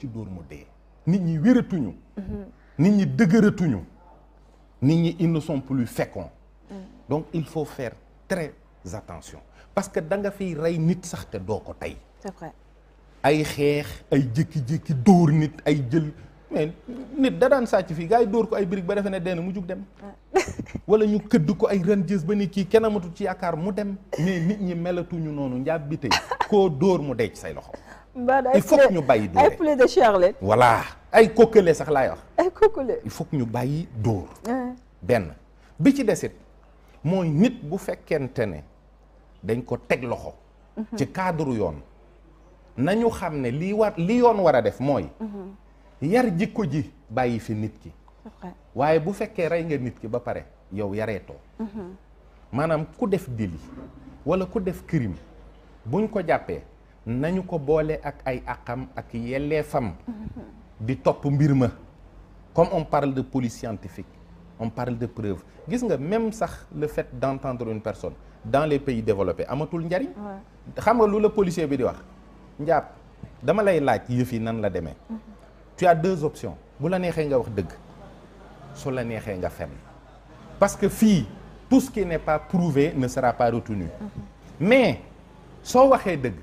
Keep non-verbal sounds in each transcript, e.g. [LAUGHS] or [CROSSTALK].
ci dóor mu dee nit ñi wératuñu nit ñi dëgëratuñu nit ñi ils ne sont plus féconds donc il faut faire très attention parce que da nga fiy rey nit sax te doo ko tey c'est ay xeex ay jékki-jékki dóor nit ay jël mais nit da daan sàcc fii gars yi dóor ko ay birig ba defe ne denn mu jug dem wala ñu këdd ko ay ren gis ba ni kii kenn amatul ci yaakaar mu dem mais nit ñi melatuñu noonu njaab bi koo dóor mu ci say loxo il faut ñu bàyyi dóor ay ah. poulet de ay kokkale sax laay ay kokkale il ñu bàyyi dóor benn bi ci desit mooy nit bu fekkente ne dañ ko teg loxo mhm. ci cadre yoon na ñu xam ne lii war li yoon war a def mooy mhm. yar jikko ji bàyyi fi nit ki waaye bu fekkee rey nga nit ki ba pare yow yareetoo mm-hmm. maanaam ku def délit wala ku def crime buñ ko jàppee nañu ko boole ak ay àqam ak yelleefam mm-hmm. di topp mbir ma comme on parle de police scientifique on parle de preuve gis nga même sax le fait d'entendre une personne dans les pays développés amatul njariñ xam nga lu la policier bi di wax njaab dama lay laaj yëf yi nan la demee mm-hmm. tu as deux options bu la neexee nga wax dëgg su la neexee nga fen parce que fii tout ce qui n'est pas prouvé ne sera pas retenu mais soo waxee dëgg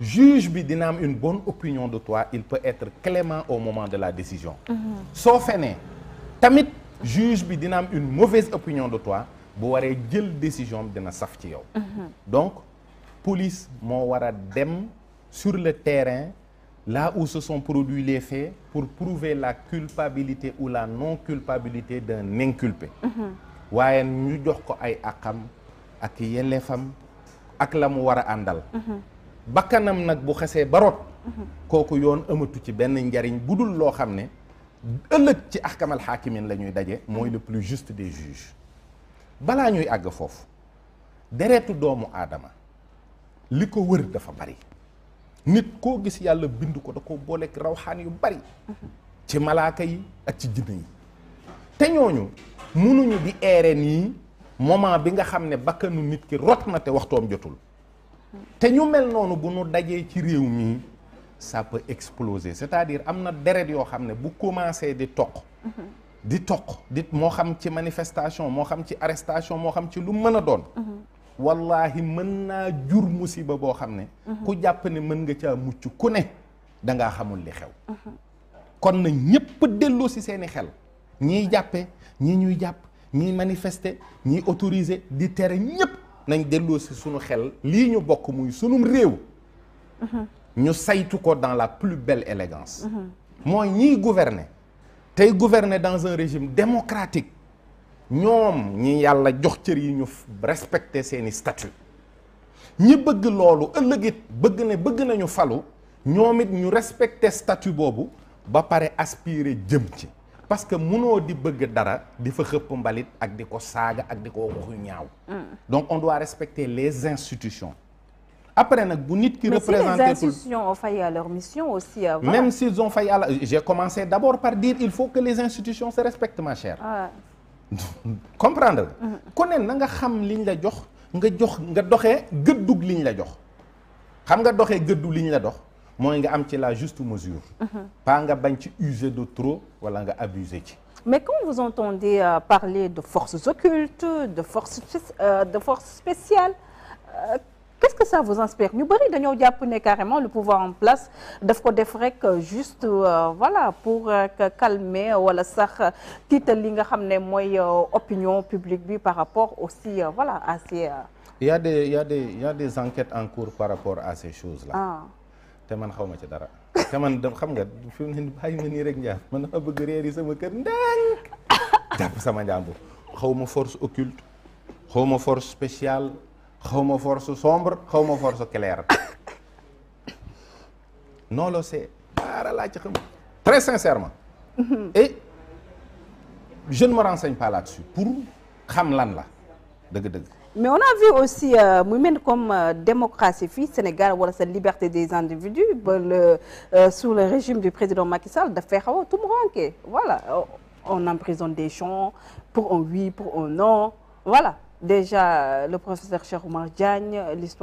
juge bi dina am une bonne opinion de toi il peut être clément au moment de la décision soo fenee tamit juge bi dina am une mauvaise opinion de toi bu waree jël décision am dina saf ci yow mhm. donc police moo war a dem sur le terrain là où se produit produits les faits pour prouver la culpabilité ou la non-culpabilité d'un inculpé mhm. waaye ñu jox ko ay àqam ak yelleefam ak la mu war a àndal mhm. bakkanam nag bu xasee ba rot mhm. kooku yoon amatu ci benn njariñ bu dul loo xam ne ëllëg ci ahkamal xaakimin la ñuy daje mooy le plus juste des juges balaa ñuy àgg foofu deretu doomu aadama li ko wër dafa bari nit koo gis yàlla bind ko da ko booleeg rawxaan yu bari ci malaaka yi ak ci jinne yi te ñooñu munuñu di eere nii moment bi nga xam ne bakkanu nit ki rot na te waxtoom jotul te ñu mel noonu bu nu dajee ci réew mii ça peut exploser c'est-à-dire am na deret yoo xam ne bu commencé di toq di toq di moo xam ci manifestation moo xam ci arrestation moo xam ci lu mën a doon wallaahi mën naa jur musiba boo xam ne ku mhm. jàpp ne mën nga caa mucc ku ne dangaa xamul li xew mhm. kon na ñëpp delloo si seeni xel ñiy jàppe ñii ñuy jàpp ñiy manifester ñii autoriser di tere ñëpp nañ delloo si suñu xel lii ñu bokk muy sunum réew mhm. ñu saytu ko dans la plus belle élégance mooy ñiy gouverner tey gouverner dans un régime démocratique ñoom ñi yàlla jox cër yi ñu respecté seeni statut ñi bëgg loolu ëllëg it bëgg na bëgg nañu falu ñoom it ñu respecté statut boobu ba pare aspiré jëm ci parce que munoo di bëgg dara di fa xëpp mbalit ak di ko saaga ak di ko waxu ñaaw donc on doit respecter les institutions après nag bu nit ki représenté mais si les institutions ont failli à leur mission aussi avant euh, même s'ils ont d'abord par dire il faut que les institutions se respectent ma chère comprendre mm-hmm. ku ne na nga xam liñ la jox nga jox nga doxe gëddug liñ la jox xam nga doxe gëddu liñ la dox mooy nga am ci la juste mesure mm-hmm. pas nga bañ ci user de trop wala nga abuser ci mais quand vous entendez euh, parler de forces occultes de forces euh, qu'est-ce que ça vous inspire ñu bëri dañoo jàpp ne carrément le pouvoir en place daf ko def rek euh, juste euh, voilà pour euh, calmer wala sax tiital li nga xam ne mooy opinion publique bi par rapport aussi voilà à ces. il des il y a enquêtes en cours par rapport à ces choses là. Ah. te man xaw ma ci dara te man de xam nga fi mu ne bàyyi bëgg réer yi sama kër ndànk [LAUGHS] jàpp sama njàmbur xaw ma force occulte xaw ma force spéciale xawma force sombre xawma force claire non lo c'est dara laa ci xam très sincèrement mhm. et eh, je ne me renseigne pas là-dessus pour xam lan la dëgg-dëgg mais on a vu aussi euh, muy mel comme euh, démocratie fii Sénégal wala sa liberté des individus ba le euh, sous le régime du président Macky Sall dafay xaw a tumuranke voilà on emprisonne des gens pour un oui pour un non voilà déjà le professeur Cheikh Oumar Diagne l'histoire